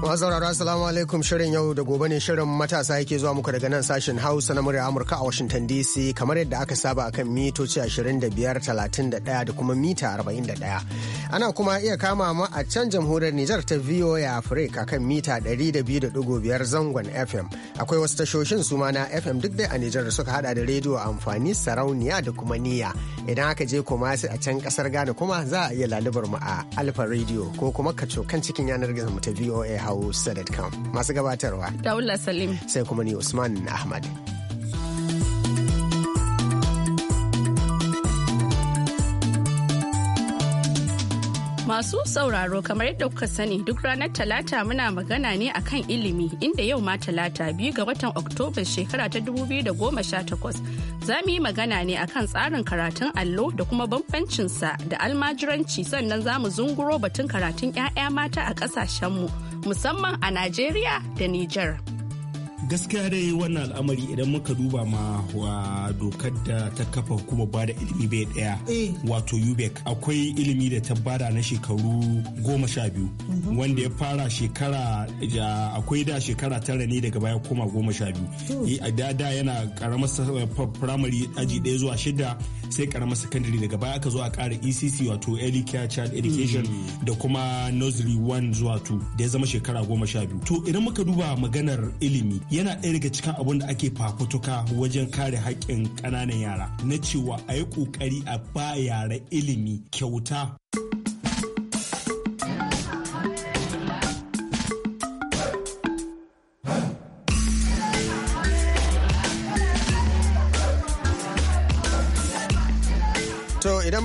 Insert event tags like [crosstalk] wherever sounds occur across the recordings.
sauraro assalamu alaikum shirin yau da gobe ne shirin matasa yake zuwa muku daga nan sashen hausa na murya amurka a washington dc kamar yadda aka saba akan mitoci 2531 da kuma mita 41 ana kuma iya kama ma a can jamhuriyar nijar ta voa africa kan mita 200.5 zangon fm akwai wasu tashoshin suma na fm duk dai a nijar da suka hada da rediyo amfani sarauniya da kuma niya idan aka je kuma a can kasar ghana kuma za a iya lalubar mu a alfa radio ko kuma kacokan cikin yanar gizo mu ta voa hausa.com masu gabatarwa daula salim sai kuma ni usman ahmad Masu sauraro kamar yadda kuka sani duk ranar Talata muna magana ne akan ilimi inda yau ma Talata biyu ga watan Oktoba shekara ta 2018 za mu yi magana ne akan tsarin karatun allo da kuma bambancinsa da almajiranci sannan za mu zunguro batun karatun 'ya'ya mata a ƙasashenmu. mu. musamman a Najeriya da Nijar. gaskiya dai wannan al'amari idan muka duba ma wa dokar da ta kafa kuma ba da ilimi bai daya eh. wato ubec akwai ilimi da ta bada na shekaru goma sha biyu mhm. wanda ya fara shekara ja akwai da shekara tara ne daga baya koma goma sha biyu eh, da yana karamar firamare eh, aji ɗaya zuwa shida sai karamar secondary daga baya aka zo a kara ecc wato early care child education hmm. da kuma nursery 1 zuwa 2 da ya zama shekara goma sha biyu to idan muka duba maganar ilimi yana ɗaya daga cikin abun da ake fafutuka wajen kare haƙƙin ƙananan yara na cewa a yi ƙoƙari a ba yara ilimi kyauta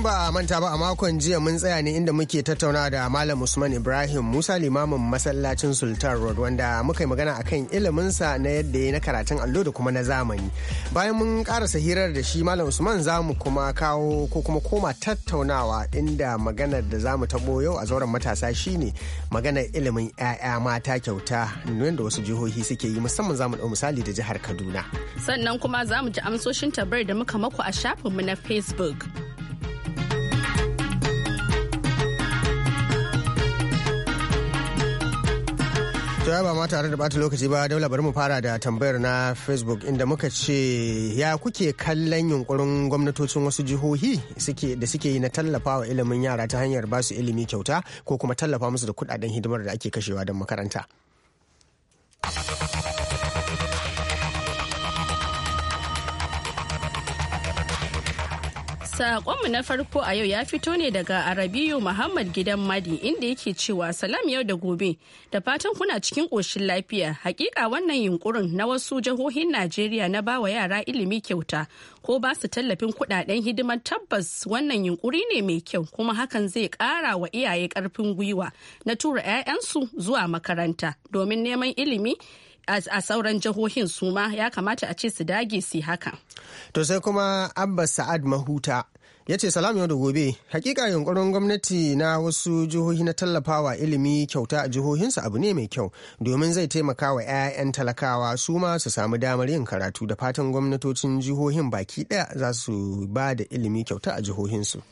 ba a manta ba a makon jiya mun tsaya ne inda muke tattauna da Malam Usman Ibrahim Musa limamin masallacin Sultan Road wanda muka yi magana akan iliminsa na yadda ya na karatun allo da kuma na zamani. Bayan mun karasa hirar da shi Malam Usman za mu kuma kawo ko kuma koma tattaunawa inda maganar da zamu mu taɓo yau a zauren matasa shine maganar ilimin 'ya'ya mata kyauta da wasu jihohi suke yi musamman za mu ɗau misali da jihar Kaduna. Sannan kuma za mu ji amsoshin tabar da muka mako a shafinmu na Facebook. to ya ba ma tare da bata lokaci ba daula bari mu fara da tambayar na facebook inda muka ce ya kuke kallon yunkurin gwamnatocin wasu jihohi da suke yi na tallafa wa ilimin yara ta hanyar basu ilimi kyauta ko kuma tallafa musu da kudaden hidimar da ake kashewa don makaranta. Sakonmu na farko a yau ya fito ne daga Arabiyu Muhammad Gidan Madi inda yake cewa salam yau da gobe da fatan kuna cikin ƙoshin lafiya. Hakika wannan yunkurin na wasu jihohin Najeriya na bawa yara ilimi kyauta ko ba su tallafin kudaden hidimar tabbas wannan yunkuri ne mai kyau kuma hakan zai ƙara wa iyaye ƙarfin gwiwa na tura 'ya'yansu zuwa makaranta domin neman ilimi a sauran jihohin suma ya kamata a ce su dage su haka. To sai kuma Abbas Sa'ad Mahuta ya ce salam yau da gobe hakika yunkurin gwamnati na wasu jihohi na tallafawa ilimi kyauta a jihohinsu abu ne mai kyau domin zai taimaka wa 'ya'yan talakawa suma su samu damar yin karatu da fatan gwamnatocin jihohin baki ɗaya za su ba da ilimi kyauta a jihohinsu.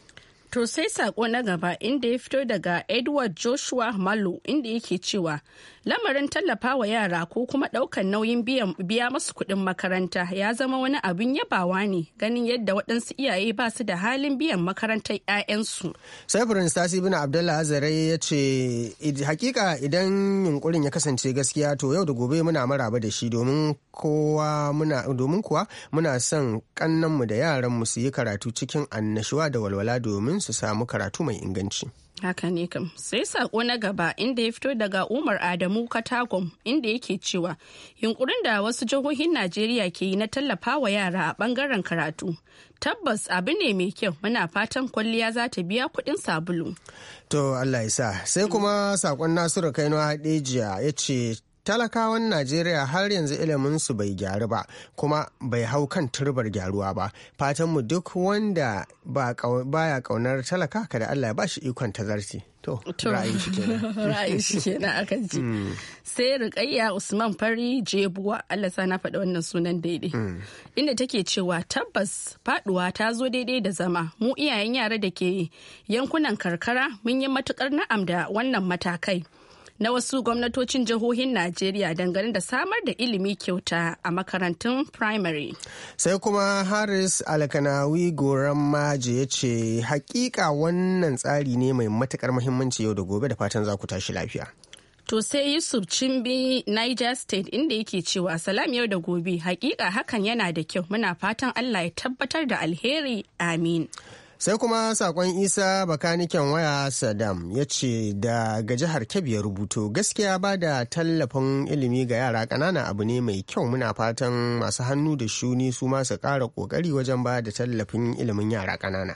To sai sako na gaba inda ya fito daga Edward Joshua malu inda yake cewa lamarin tallafa wa yara ko kuma daukan nauyin biya masu kudin makaranta ya zama wani abin yabawa ne ganin yadda waɗansu iyaye ba su da halin biyan makarantar 'ya'yansu. Sai Prince Tasi bin Abdullah Azare ya ce hakika idan yunkurin ya kasance gaskiya to yau da gobe muna maraba da shi domin kowa muna domin kuwa muna son kannanmu da yaran mu su yi karatu cikin annashuwa da walwala domin su samu karatu mai inganci. Haka ne kam sai sako na gaba inda ya fito daga Umar Adamu Katagum inda yake cewa yunkurin da wasu jihohin Najeriya ke yi na tallafa wa yara a bangaren karatu. Tabbas abu ne mai kyau muna fatan kwalliya za ta biya kuɗin sabulu. To Allah ya sa sai kuma sakon Nasiru Kaino Hadejiya ya ce talakawan najeriya har yanzu su bai gyaru ba kuma bai hau kan turbar gyaruwa ba fatanmu duk wanda baya kaunar talaka kada allah ya bashi ikon tazarci to ra'ayin shi kenan [laughs] ra'ayin shi ji hmm. sai rukayya usman fari jebuwa allah sa na faɗi wannan sunan daidai hmm. inda take cewa tabbas faɗuwa ta zo daidai da zama mu iyayen yara da ke yankunan karkara mun yi matukar na'am da wannan matakai na wasu gwamnatocin jihohin Najeriya dangane da samar da ilimi kyauta a makarantun primary. Sai kuma Harris Alkanawi Goran Maji ya ce hakika wannan tsari ne mai matukar muhimmanci yau da gobe da fatan za ku tashi lafiya. To sai Yusuf Cimbi Niger State inda yake cewa salam yau da gobe hakika hakan yana da kyau muna fatan Allah ya tabbatar da alheri amin. sai kuma sakon isa bakaniken waya sadam ya ce daga jihar kebbi ya rubuto gaskiya ba da tallafin ilimi ga yara ƙanana abu ne mai kyau muna fatan masu hannu da shuni su masu ƙara ƙoƙari wajen ba da tallafin ilimin yara ƙanana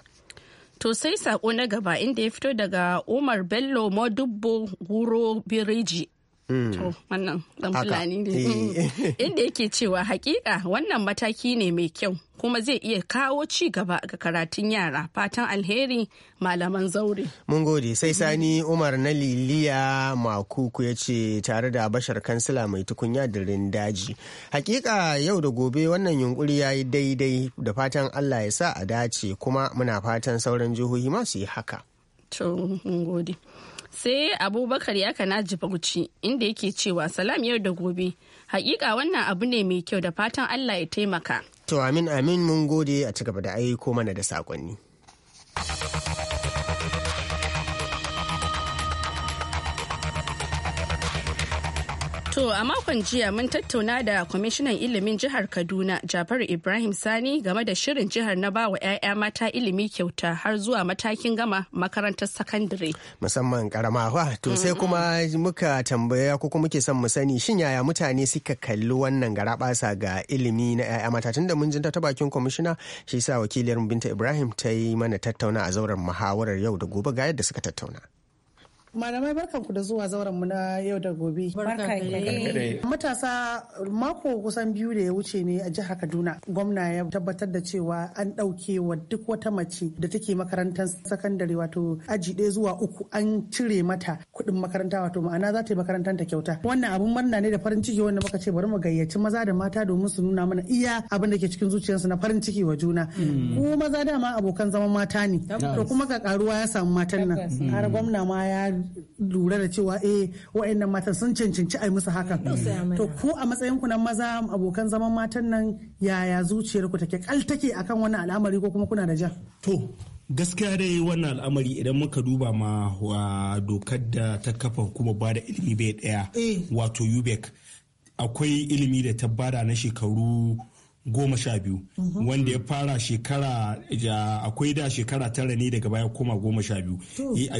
To sai sako na gaba inda ya fito daga Umar Bello Modubbo Guro Biriji Hmm. To wannan dan fulani ne. Eh. Hmm. Inda yake cewa hakika wannan mataki ne mai kyau kuma zai iya kawo ci gaba ga karatun yara fatan alheri malaman zaure. Mun gode sai sani Umar na Liliya Makuku ya ce tare da bashar kansila mai tukunya da daji. Hakika yau da gobe wannan yunkuri ya yi daidai da fatan Allah ya sa a dace kuma muna fatan sauran jihohi ma su yi haka. To mun gode. sai abubakar ya kana bauchi inda yake cewa salam yau da gobe hakika wannan abu ne mai kyau da fatan allah ya taimaka to amin amin mun gode a cigaba da aiko mana da sakonni. To a makon jiya mun tattauna da kwamishinan ilimin jihar Kaduna Jafaru Ibrahim Sani game da shirin jihar na bawa 'ya'ya mata ilimi kyauta har zuwa matakin gama makarantar sakandare. Musamman karamawa to sai mm-hmm. kuma muka tambaya ko kuma muke son mu sani shin yaya mutane suka kalli wannan garabasa ga ilimi na 'ya'ya mata tunda mun jinta ta bakin kwamishina shi sa wakiliyar Binta Ibrahim ta yi mana tattauna a zauren muhawarar yau da gobe ga yadda suka tattauna. Malamai barkan ku da zuwa zauren mu na yau da gobe. Matasa mako kusan biyu da ya wuce ne a jihar Kaduna. Gwamna ya tabbatar da cewa an ɗauke wa duk wata mace da take makarantar sakandare wato aji ɗaya zuwa uku an cire mata kuɗin makaranta wato ma'ana za ta yi makarantar ta kyauta. Wannan abun murna ne da farin ciki wanda muka ce bari mu gayyaci maza da mata domin su nuna mana iya abin da ke cikin zuciyarsu na farin ciki wa juna. Hmm. Ko maza dama abokan zaman mata ne. To kuma ga karuwa ya samu matan nan. Har gwamna ma ya lura da cewa eh wa'annan matan sun cancanci a yi musu hakan to ko a matsayin ku na maza abokan zaman matan nan yaya zuciyar ku take kal take akan wannan al'amari ko kuma kuna da ja to gaskiya dai wannan al'amari idan muka duba ma wa dokar da ta kafa kuma bada ilimi bai daya eh. wato ubec akwai ilimi da ta bada na shekaru goma sha biyu mhm. wanda ya fara shekara akwai da shekara tara ne daga baya koma goma sha biyu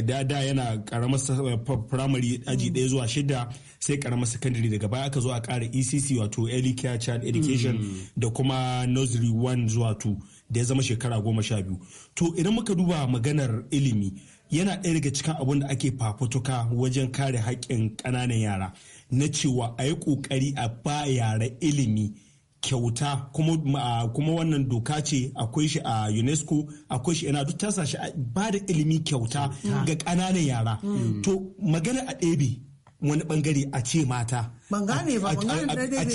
da da yana karamar eh, primary aji mhm. ɗaya zuwa shida sai karamar secondary daga baya aka zo a kara ecc wato early care child education mhm. da kuma nursery one zuwa two da ya zama shekara goma sha biyu to idan muka duba maganar ilimi yana ɗaya daga cikin abin da ake fafutuka wajen kare haƙƙin ƙananan yara na cewa a yi ƙoƙari a ba yara ilimi kyauta kuma kuma wannan doka ce akwai shi a UNESCO akwai shi yana duk ta sashi ba da ilimi kyauta ga ƙananan yara mm. to magana a ɗebe wani bangare a ce mata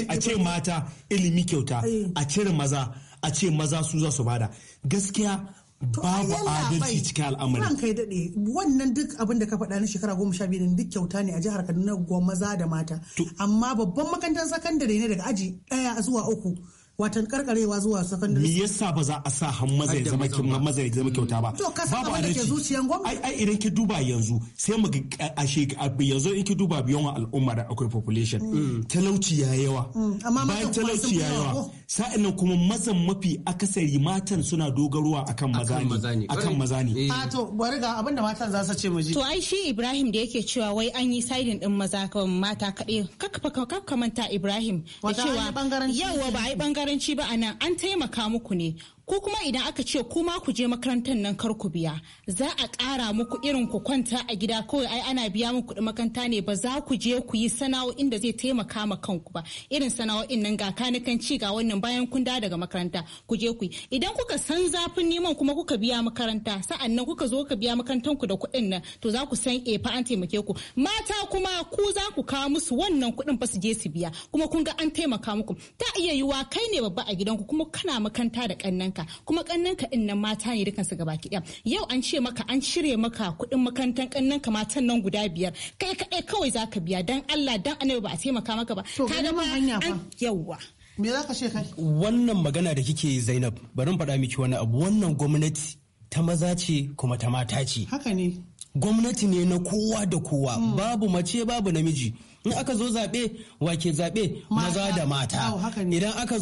a ce mata ilimi kyauta a cire maza a ce maza su za su bada gaskiya babu adalci cikin al'amari ran kai daɗe wannan duk abin da ka faɗa na shekara goma sha biyu duk kyauta ne a jihar Kaduna gwa maza da mata amma babban makarantar sakandare ne daga aji ɗaya zuwa uku watan karkarewa zuwa sakandare. me yasa ba za a sa han maza ya zama maza ya zama kyauta ba to kasa ba da ke zuciyan gwamnati ai idan ki duba yanzu sai mu a she yanzu in ki duba biyan al'umma da akwai population mm. talauci ya yawa mm. amma bayan talauci ya yawa sa'an nan kuma mazan mafi akasari matan suna dogaruwa akan maza ne akan maza ne eh. a to bari ga abinda matan za su ce mu ji to ai shi Ibrahim da yake cewa wai an yi siding din maza kan mata kaɗai kakka manta Ibrahim da cewa yawa ba ai bangaren karanci ba a nan an taimaka muku ne ko kuma idan aka ce kuma ku je makarantar nan kar ku biya za a ƙara muku irin ku kwanta a gida kawai ai ana biya muku kuɗin makaranta ne ba za ku je ku yi sana'o'in da zai taimaka ma kanku ba irin sana'o'in nan ga kanikan ci ga wannan bayan kun da daga makaranta ku je ku yi idan kuka san zafin neman kuma kuka biya makaranta sa'an nan kuka zo ka biya makarantar ku da kuɗin nan to za ku san e fa an taimake ku mata kuma ku za ku kawo musu wannan kuɗin ba su je su biya kuma kun ga an taimaka muku ta iya yiwa kai ne babba a gidanku kuma kana makaranta da kannan ka kuma kannan ka nan mata ne dukan su gabaki daya yau an ce maka an shirye maka kuɗin makarantar ka matan nan guda biyar kai kaɗai kawai zaka biya dan Allah dan annabi ba a taimaka maka ba ka ga hanya fa yawwa me za ka ce kai wannan magana da kike Zainab bari in faɗa miki wani abu wannan gwamnati ta maza ce kuma ta mata ce haka ne gwamnati ne na kowa da kowa babu mace babu namiji in aka zo zaɓe wake zaɓe maza da mata idan aka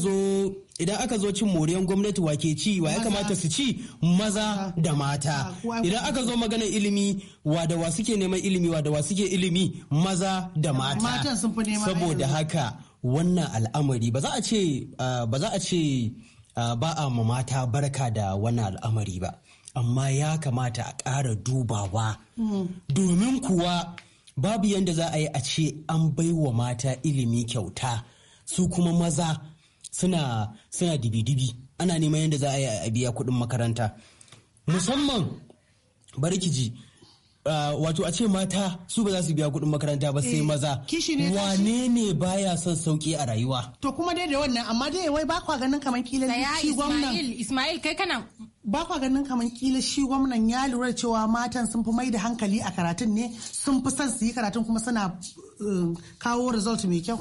zo cin moriyan gwamnati wake ci wa ya kamata su ci maza da mata idan aka zo maganar ilimi wa da wa suke neman ilimi wa da wa suke ilimi maza da mata saboda haka wannan al'amari ba za a ce ah, ba a ce ah, ba a ma mata barka da wannan al'amari ba amma ya kamata a ƙara dubawa domin kuwa babu yadda za a yi a ce an bai wa mata ilimi kyauta su kuma maza suna dibidibi dibi-dibi ana neman yadda za a yi a biya kuɗin makaranta musamman ji. Ah, wato a ce mata su ba za su biya kuɗin makaranta ba sai eh, maza wane ne baya son sauki a rayuwa to kuma dai da wannan amma dai wai ba kwa ganin kamar kila shi gwamnan Ismail kai kana ba kwa ganin kamar kila shi gwamnan ya lura cewa matan sun fi mai da hankali a karatun ne sun fi son su yi karatun kuma suna eh, kawo result mai kyau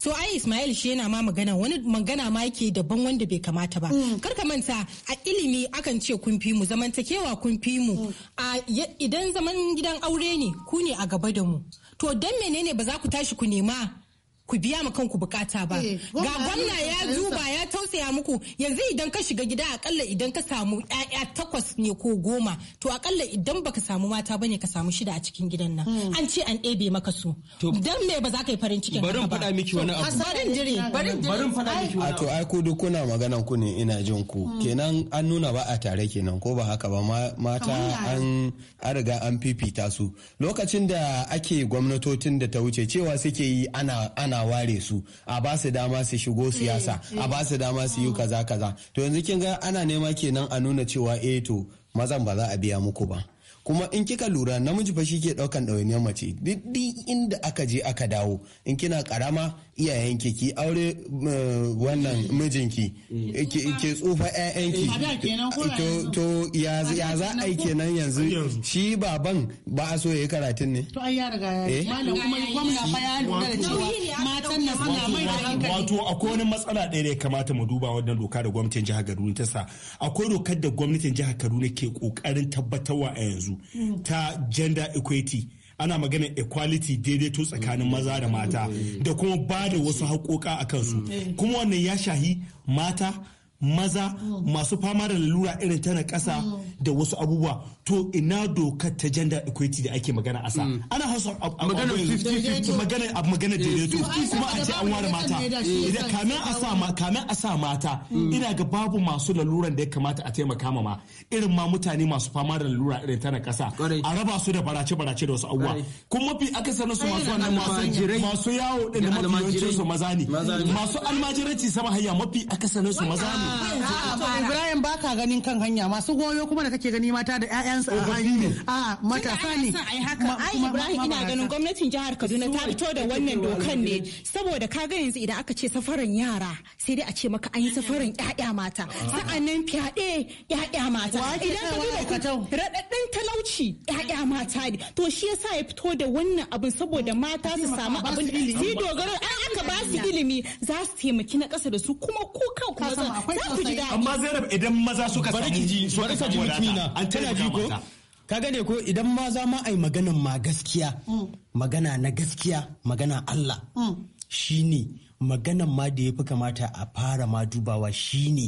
to ai Ismail shi yana ma magana wani magana ma yake daban wanda bai kamata ba mm. kar ka manta a ilimi akan ce kun fi mu zamantakewa kun fi mu mm. idan zaman gidan aure ne ku ne a gaba da mu to dan menene ba za ku tashi ku nema ku biya ma kanku bukata ba eh, ga gwamna ya duba ya tausaya muku yanzu idan ka shiga gida akalla idan ka samu ɗaya takwas ne ko goma to akalla idan baka samu mata bane ka samu shida a cikin gidan nan hmm. an ce an ɗebe maka su dan me ba za ka yi farin cikin Barin faɗa miki wani abu barin dire barin dire faɗa miki wani abu to ai ku duk kuna maganan ku ne ina jin ku hmm. kenan an nuna ba a tare kenan ko ba haka ba mata an riga an fifita su lokacin da ake gwamnatocin da ta wuce cewa suke yi ana ana ana ware su a ba su dama su shigo mm, siyasa a mm. ba su dama su yi kaza kaza to yanzu kin ga ana nema kenan a nuna cewa eh to mazan ba za a biya muku ba kuma in kika lura namiji fa shi ke daukan ɗawainiyar mace duk inda aka je aka dawo in kina karama iyayenki ki aure eh, wannan mijinki mm. ke tsufa ƴaƴanki to ya za a kenan yanzu shi baban ba a so ya yi karatun ne to ai ya riga ya eh? malam kuma gwamna fa ya lura da cewa matan na suna mai da hankali wato akwai wani matsala ɗaya da ya kamata mu duba wannan doka da gwamnatin jihar Kaduna ta sa akwai dokar da gwamnatin jihar Kaduna ke kokarin tabbatarwa a yanzu ta gender equity ana magana equality daidaito tsakanin maza da mata da kuma ba da wasu haƙoƙa a kansu mm. kuma wannan ya shahi mata maza mm. masu fama da lura irin ta na ƙasa mm. da wasu abubuwa to ina dokar ta gender equity da ake magana a sa mm. ana hausa magana a magana eh. daidaito kuma a ce an ware mata idan eh, kamin a sa a sa mata ina ga babu masu laluran da ya kamata a taimaka ma irin ma mutane masu fama da lura irin ta na ƙasa a raba su da barace barace da wasu abubuwa kuma mafi akasarin su masu wannan masu yawo din da mafi yawancin su maza ne masu almajiranci sama hanya mafi akasarin su maza ne Ibrahim ba ka ganin kan hanya masu goyo kuma da kake gani mata da 'ya'yansu a hanyar a matasa ne. Ibrahim ina ganin gwamnatin jihar Kaduna ta fito da wannan dokan ne saboda ka ga yanzu idan aka ce safaran yara sai dai a ce maka an yi safaran 'ya'ya mata sa'annan fyaɗe 'ya'ya mata idan ka duba raɗaɗɗen talauci 'ya'ya mata ne to shi yasa ya fito da wannan abin saboda mata su samu abin su dogaro ba su ilimi za su taimaki na kasa da su kuma ko kan kuma za ku ji daɗi. Amma zai rabu idan maza suka sami ji suka samu na an ji ko Ka gane ko idan maza ma ai maganan ma gaskiya magana na gaskiya magana Allah mm. shine maganan ma da ya fi kamata a fara ma dubawa shine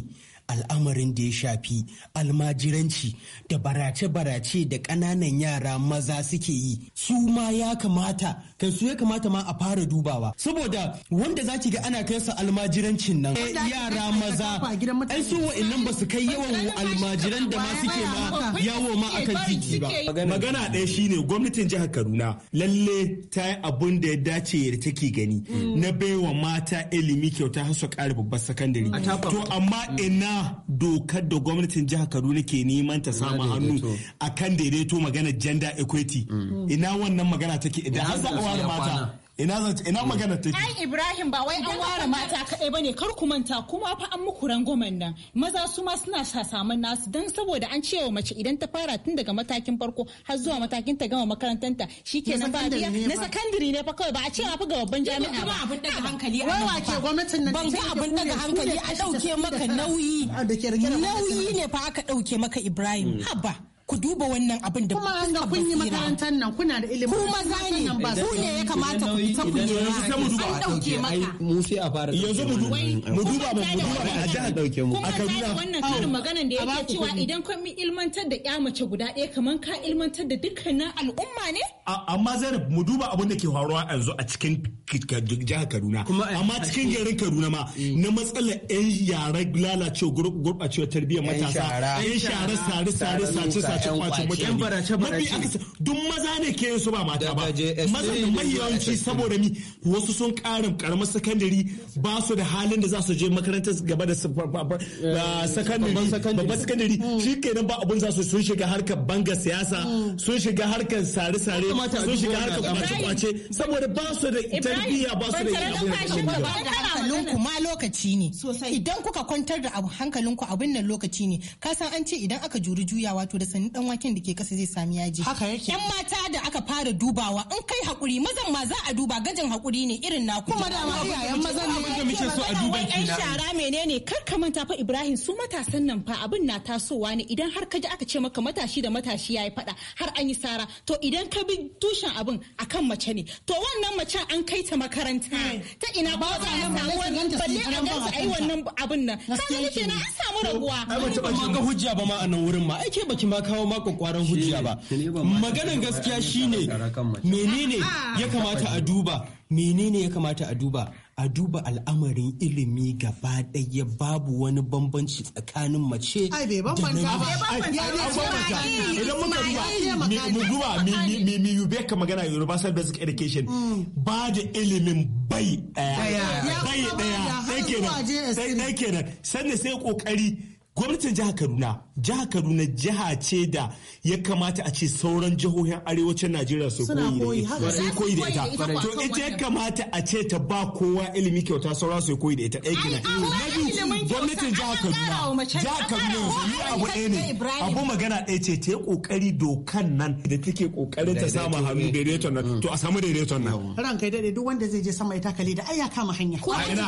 al'amarin da ya shafi almajiranci da barace-barace da ƙananan yara maza suke yi su ma ya kamata kan su ya kamata ma a fara dubawa saboda wanda za ki ga ana kai su almajirancin nan yara maza ai su wa'annan ba su kai yawan almajiran da ma suke ma yawo ma akan titi ba magana ɗaya shine gwamnatin jihar Kaduna lalle ta yi abun da ya dace da take gani mm. na baiwa mata ilimi kyauta har su ƙara babbar sakandare to amma ina A dokar da gwamnatin jihar Kaduna ke neman ta samu hannu akan daidaito magana gender equity mm. ina wannan magana take idan an zaɓa wani mata ina ina magana ta ai ibrahim ba wai an ware mata kaɗai bane kar ku manta kuma fa an muku rangwamen nan maza su ma suna samun nasu dan saboda an cewa mace idan ta fara tun daga matakin farko har zuwa matakin ta gama makarantanta shikenan ba fadiya. na sakandare ne fa kawai ba a ce fa ga babban jami'a ba abin daga hankali wai wake gwamnatin nan ban ga abin daga hankali a dauke maka nauyi ah, nauyi ne fa aka dauke maka ibrahim hmm. haba ku duba wannan abin da kuma ga kun yi makarantar nan kuna da ilimin ku maza ne su ne ya kamata ku ta ku yi an dauke maka mu sai a fara yanzu mu duba mu duba mu duba a jihar dauke mu a Kaduna wannan karin maganar da yake cewa idan kun mi ilmantar da ƴa mace guda ɗaya kaman ka ilmantar da dukkanin al'umma ne amma Zainab mu duba abin da ke faruwa yanzu a cikin jihar Kaduna eh, amma cikin garin Kaduna ma mm. na matsalar 'yan yara lalacewa gurbacewa tarbiyyar matasa 'yan shara sare sare sace sace kwace kwace mutum mafi akasa duk maza ne ke yin su ba mata ba maza da mahiyanci saboda ni wasu sun karin karamar sakandare ba su da halin da za su je makarantar gaba da eh, sakandare babban sakandare hmm. shi kenan ba abun za su sun shiga harkar banga siyasa hmm. sun shiga harkar sare-sare sun shiga harkar kwace-kwace saboda ba su da tarbiyya ba su da hankalin ku ma lokaci ne idan kuka kwantar da hankalin ku abin nan lokaci ne ka san an ce idan aka juri juya wato da sanni dan waken da ke kasa zai sami yaji haka yake yan mata da aka fara dubawa in kai hakuri mazan ma za a duba gajin hakuri ne irin na kuma da ma iyayen mazan ne da muke so a duba ki na shara menene kar ka manta fa Ibrahim su matasan nan fa abin na tasowa ne idan har ka ji aka ce maka matashi da matashi yayi fada har an yi sara to idan ka bi tushen abin akan mace ne to wannan mace an kai ta makaranta hmm. ta ina ba za a samu wannan balle a ga ai wannan abin nan kana nake na an samu rabuwa ai ba ta ga hujja ba ma a nan wurin ma ai ke baki ma ka kawo maka kwaran hujja ba maganan gaskiya shine menene ya kamata a duba menene ya kamata a duba a duba al'amarin ilimi gaba ɗaya babu wani bambanci tsakanin mace da namiji. Idan muka duba, mu duba mi ka magana Universal Basic Education ba da ilimin bai ɗaya. Bai ɗaya. Sannan sai ƙoƙari gwamnatin jihar kaduna jihar kaduna jiha ce da ya kamata a ce sauran jihohin arewacin najeriya su koyi da ita to ita ya kamata a ce ta ba kowa ilimi kyauta sauran su koyi da ita ɗaya kenan na gwamnatin jihar kaduna jihar kaduna yanzu ni abu ɗaya ne abu magana ɗaya ce ta yi ƙoƙari dokan nan da take ƙoƙarin ta samu hannu daidaiton nan mm. to a samu daidaiton nan ran kai daɗe duk wanda zai je sama ita kale da ai ya kama hanya ko aji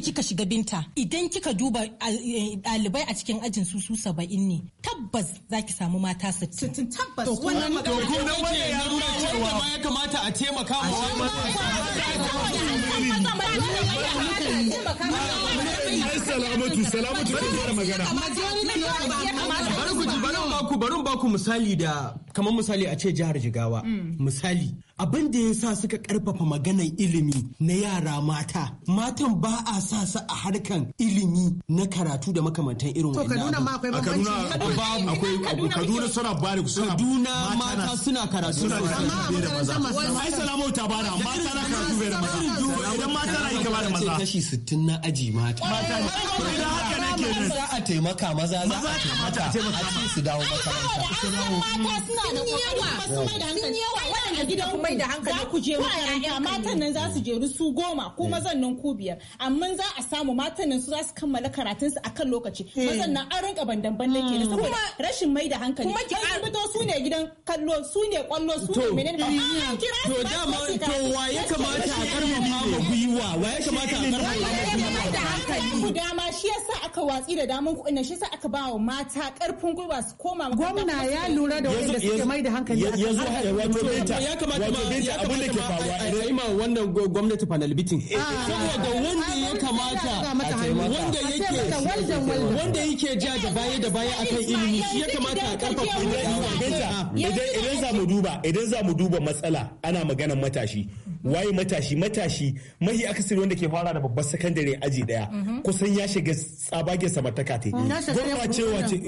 kika shiga binta idan kika duba ɗalibai a cikin ajin su su saba'in ne tabbas za ki samu mata sittin. tabbas wannan magana ya nuna cewa ya kamata a taimaka ma wannan salamatu salamatu ta fara magana bari ba ku misali da kamar misali a ce jihar Jigawa mm. misali abin da ya sa suka karfafa maganar ilimi na yara mata matan ba a sa su a harkan ilimi na karatu da makamantan irin wannan. To Kaduna ma akwai bambanci. Kaduna Kaduna suna ba da suna Kaduna mata suna karatu suna karatu da maza. Ai salamau ta bada mata na karatu bai da maza. Idan mata na yi kama da maza. Kashi 60 na aji mata. Mata za a taimaka maza za a taimaka a ci su dawo makaranta. Mata suna da yawa sun yawa waɗanda gidan ku mai da hankali za ku je makaranta matan nan za su jeru su goma ko mazan nan ku biyar amma za a samu matan nan su za su kammala karatun su akan lokaci mazan nan an rinka bandan bandan ke saboda rashin mai da hankali. Kuma ki fito su ne gidan kallo su ne kwallo su ne menene ba a kira su ba su to wa ya kamata a karfafa ma gwiwa wa ya kamata a karfafa ma gwiwa. dama shi yasa aka watsi da damar kuɗin nan shi sa aka ba wa mata karfin gwiwa su koma gwamna ya lura da wanda suke mai da hankali a kan wato beta ya kamata ma ya kamata ke faruwa idan ma wannan gwamnati panel bitin saboda wanda ya kamata wanda ya wanda yake ja da baya da baya akan ilimi shi ya kamata a karfafa idan za mu duba idan za mu duba matsala ana maganar matashi waye matashi matashi mahi akasari wanda ke fara da babbar sakandare aji daya mhm. kusan ya shiga tsabagen samartaka te gurbacewa ce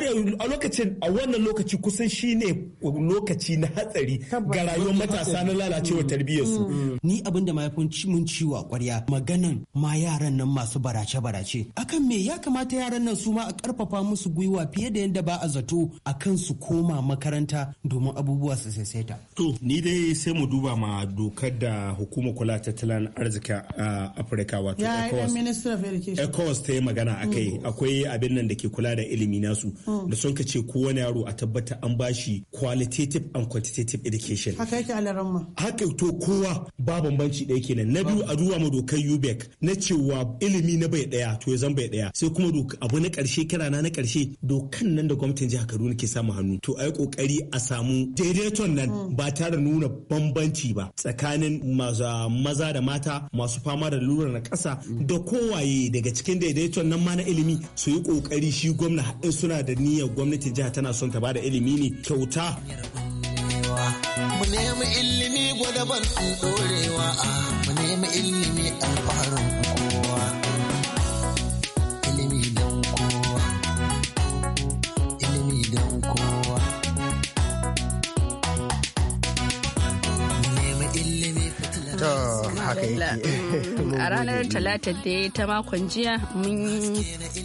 eh, a lokacin a wannan lokaci kusan shine lokaci na hatsari ga rayuwar matasa na lalacewar mm. tarbiyyarsu mm. ni abinda mahaifin mun ciwa kwarya maganan ma yaran nan masu masu barace-barace akan me ya kamata yaran nan su ma a karfafa musu gwiwa fiye da yadda ba a zato akan su koma makaranta domin abubuwa su saisaita to ni dai sai mu duba ma dokar da hukumar kula tattalin arziki a ah, afirka wato ecowas ta yi magana a kai mm. akwai abin nan da ke kula da ilimi nasu mm. da sun ce kowane yaro a tabbata an bashi qualitative and quantitative education haka yake alaramma haka to kowa ba bambanci ɗaya kenan na biyu a duba ma dokar ubec na cewa ilimi ilimi na bai daya to ya zan bai daya sai kuma abu na karshe kira na na karshe dokan nan da gwamnatin jihar Kaduna ke samu hannu to ayi kokari a samu daidaiton nan mm. ba tare nuna bambanci ba tsakanin maza da mata masu fama da lura na kasa mm. da kowaye daga cikin daidaiton nan ma na ilimi su yi kokari shi gwamna in suna da niyyar gwamnatin jiha tana son ta bada ilimi ne kyauta mu nemi ilimi gwadaban dorewa mu nemi ilimi ku Yeah. a ranar talata da ta makon jiya mun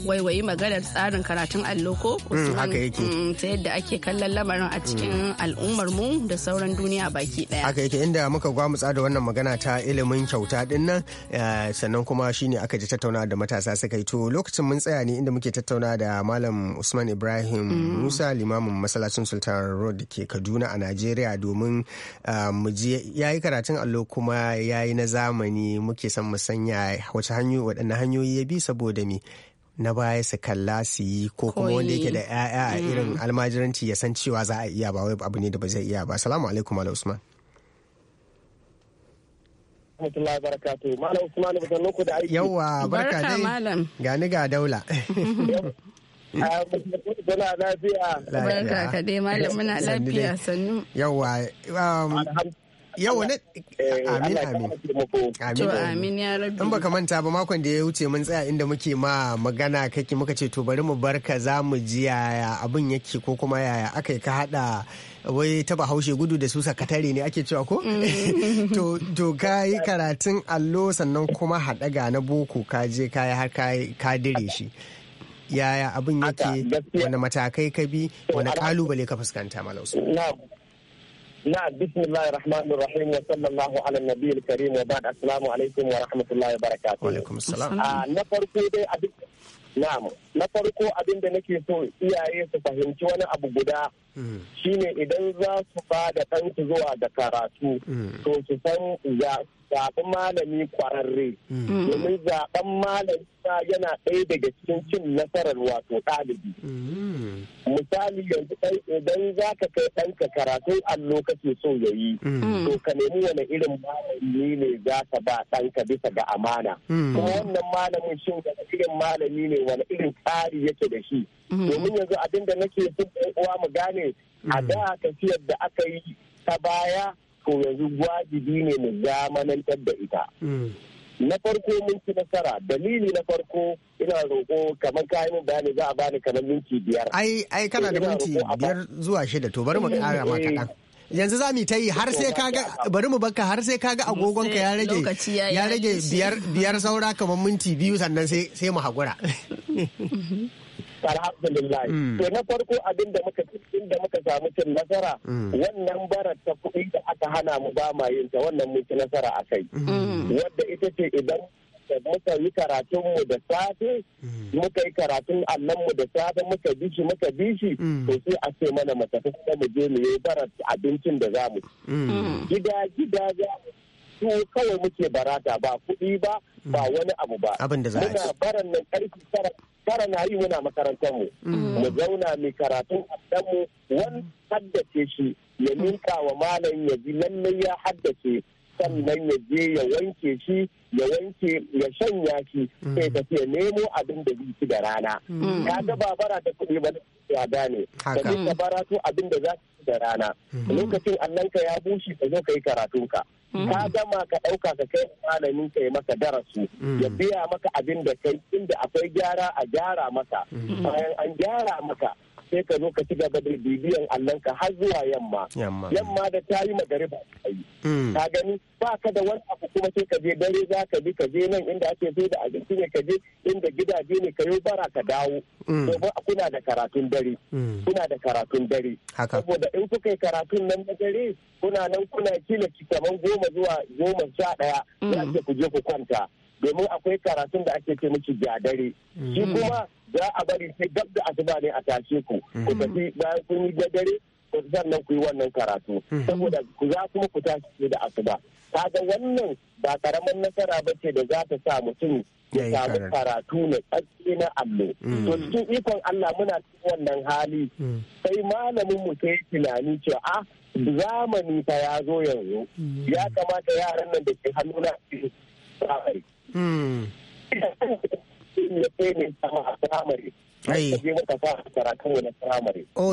waiwayi maganar tsarin karatun allo ko mm, mm, ta yadda ake kallon lamarin a cikin mm. al'ummar mu da sauran duniya baki daya haka yake inda muka gwamutsa da wannan magana ta ilimin kyauta din nan eh, sannan kuma shine aka ji tattauna da matasa suka yi to lokacin mun tsaya ne inda muke tattauna da malam Usman Ibrahim Musa limamin masallacin Sultan Road da ke Kaduna a Najeriya domin eh, mu je yayi karatun allo kuma yayi na zamani muke muke son mu sanya wace hanyoyi waɗanne hanyoyi ya bi saboda mi na baya su kalla su yi ko kuma wanda yake da 'ya'ya a mm. irin almajiranci ya san cewa za a iya ba wai abu ne da ba zai iya ba salamu alaikum ala usman yawa barka dai gani ga daula [laughs] Muna lafiya. Barka ka dai malam muna lafiya sannu. Yawwa. Um, yau ne eh, amin amin to amin ya rabbi in baka manta ba makon da ya wuce mun tsaya inda muke ma magana kake muka ce to bari mu barka za mu ji yaya abin yake ko kuma yaya aka ka hada wai ta bahaushe gudu da su sakatare ne ake cewa ko mm. [laughs] to to ka yi karatun allo sannan kuma haɗaga na boko ka je ka yi har ka dire shi yaya abin yake wani matakai ka bi wani kalubale ka fuskanta malausu نعم بسم الله الرحمن الرحيم وصلى الله على النبي الكريم وبعد السلام عليكم ورحمه الله وبركاته وعليكم السلام آه نعم na farko abin da nake so iyaye su fahimci wani abu guda shine idan za su ba da ɗansu zuwa da karatu to su san zaɓi malami kwararre domin zaɓen malami yana ɗaya daga cikin cin nasarar wato ɗalibi misali yanzu idan za ka kai ɗanka karatu allo kake so ya yi to ka nemi wani irin malami ne za ka ba ɗanka bisa ga amana kuma wannan malamin shin wani irin malami ne wani irin tsari yake da shi mhm. domin yanzu abin da nake son uwa mu gane a mhm. da tafiyar da aka yi ta baya to yanzu wajibi ne mu zamanantar da ita mhm. na farko mun ci nasara dalili na farko ina roƙo kamar kayan bayani za a bani kamar minti biyar ai ai kana da minti biyar zuwa shida to bari mu eh, ƙara ma eh, yanzu za mu ta yi har sai ga bari mu baka har sai kaga agogonka ya rage ya rage biyar biyar saura kamar minti biyu sannan sai sai mu hakura alhamdulillah mm. to na farko abin da muka da muka samu cin nasara mm. wannan barar ta kuɗi da aka hana mu ba ma yin ta wannan mun ci nasara a kai mm. wadda ita ce idan da muka yi karatun mu da safe mm. muka yi karatun allon mu da safe muka bi shi muka bi shi mm. to sai a ce mana mu tafi kuma mu je mu yi bara abincin da za mu mm. gida gida za mu su kawai muke barata ba kuɗi ba ba wani abu ba abin da muna baran nan karfi tara na yi muna makarantar mu mu zauna mu karatun annan mu wani haddace shi ya ninka wa malam ya ji lallai ya haddace sannan ya je ya wanke shi ya wanke ya shanya shi mm. sai tafiya ya nemo abin da zai ci da rana ya mm. ga babara da kuɗi ba ya gane ka je ka to abin da za ci da rana mm. lokacin ka ya bushe ka zo ka yi karatunka ka gama ka ɗauka ka kai malamin ka yi maka darasu ya biya maka abin da kai inda akwai gyara a gyara maka bayan an gyara maka sai ka zo ka ci gaba da bibiyan allonka har zuwa yamma yamma da ta yi ba ka yi mm. ka gani ba ka da wani abu kuma sai ka je dare za ka bi ka je nan inda ake so da abinci ne ka je inda gidaje ne ka yi bara ka dawo mm. domin kuna da karatun dare mm. kuna da karatun dare saboda in kuka yi karatun nan na dare kuna nan kuna kila kaman goma zuwa goma sha ɗaya za ku je ku kwanta domin akwai karatun da ake ce miki dare mhm. shi kuma za a bari sai gab da asuba ne a tashe ku mhm. ku tafi bayan kun yi gadare sannan ku yi wannan karatu mhm. saboda ku za kuma ku tashi da asuba kaga wannan ba karamin nasara ba ce da za ta sa mutum ya samu karatu na tsatsi na allo to cikin ikon Allah muna cikin wannan hali sai malamin mu sai tunani cewa a ah, zamani ta ya zo yanzu ya kamata yaran nan da ke hannu na Oh,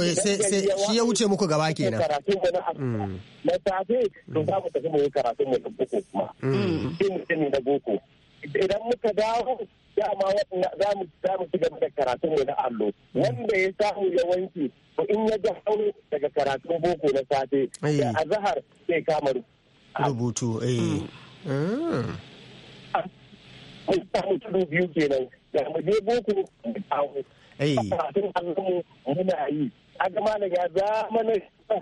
eh, sai shi ya wuce muku gaba kenan. Mm. Na safe, to za mu tafi mu yi karatun mu kuma. Mm. Sai boko. Idan muka dawo, dama za mu za mu ci gaba da karatun mu na allo. Mm. Wanda ya samu yawanci, to in ya ga daga karatun boko na safe, da azahar sai kama rubutu. Rubutu, eh. Ah. mun biyu kenan da mu je boko mu a gama da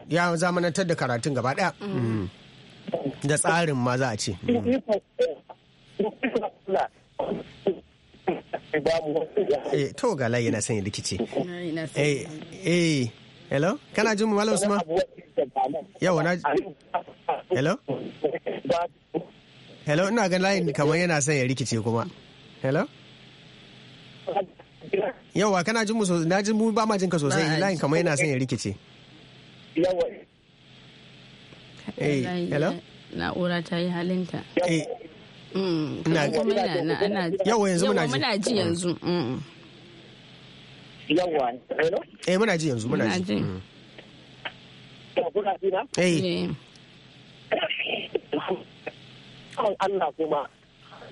ya zamana ya da karatun gaba mm. da tsarin ma za a ce eh, to ga layi na sanya likici eh eh hello kana jin mu malam usman yawa na hello hello ina ga layin kamar yana son ya rikice kuma hello yawa kana jin mu sosai na jin mu ba ma jin ka sosai layin kamar yana son ya rikice yawa eh hello na'ura ta yi halinta eh mm, ina ana yawa yanzu muna ji muna ji yanzu mm. yawa hello eh muna ji yanzu muna ji mm. kuna ji eh, eh. son Allah kuma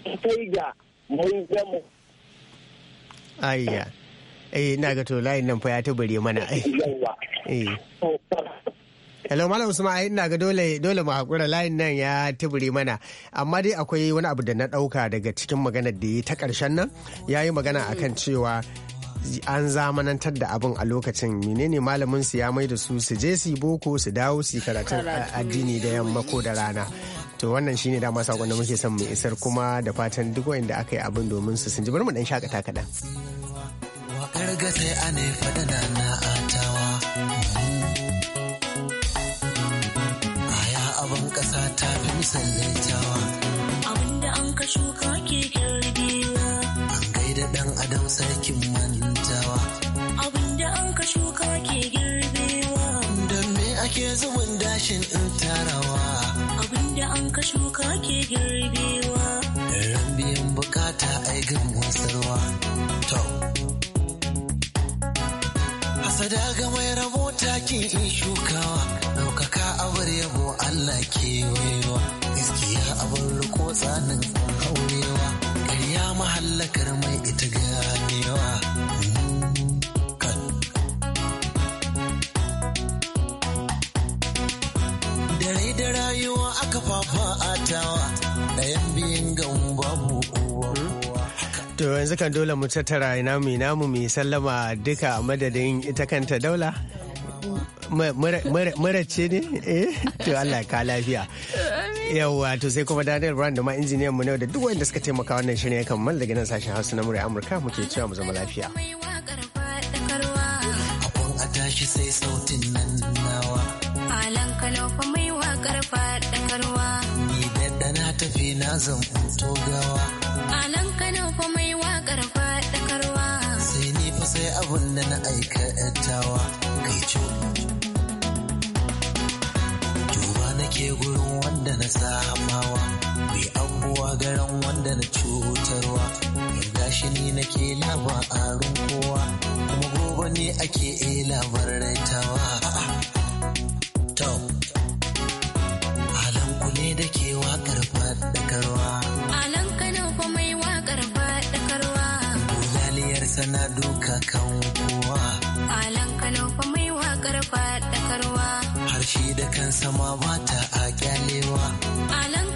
sai ga mun zama ayya eh na ga to layin nan fa ya tabare mana [laughs] eh Hello Malam Usman ina ga dole dole mu hakura layin nan ya tubure mana amma dai akwai wani abu da na dauka daga cikin maganar da yi ta karshen nan yayi magana akan cewa an zamanantar da abin a lokacin menene malamin su ya mai da su su je su boko su dawo su karatun addini da yamma ko da rana to wannan shine dama sakon da muke son mu isar kuma da fatan duk wanda aka yi abin domin su sun ji bari mu dan shakata kadan sai abin ƙasa ta fi misalin jawa. Abinda an ka shuka ke girbi. dan adam sarkin mantawa abinda an ka shuka ke girbewa don me ake zubin dashin in tarawa abinda an ka shuka ke girbewa ran biyan bukata ai gan wasarwa to Asada ga mai rabo ke in shukawa ɗaukaka abar yabo Allah ke waiwa gaskiya abin riko tsanin aurewa mahallakar mai ita ganewa dare da rayuwa aka fafa atawa ɗayan biyun gan babu To yanzu kan dole mu tattara ina mu ina mu mai sallama duka madadin ita kanta daula. mara ce ne eh to Allah ka lafiya yawa to sai kuma Daniel Brown da ma injiniyan mu ne da duk wanda suka taimaka wannan shirin ya kammala daga nan sashen Hausa na murya Amurka muke cewa mu zama lafiya Alan mai waƙar faɗakarwa. sai abin da na aikatawa kai ce duba nake gurin wanda na samawa mai abuwa garan wanda na cutarwa ne ni nake laba a kowa kuma gobe ne ake e raitawa. Tom, ku ne da karfa waƙar faɗakarwa. tarwa harshe da kansa ma bata a kyalewa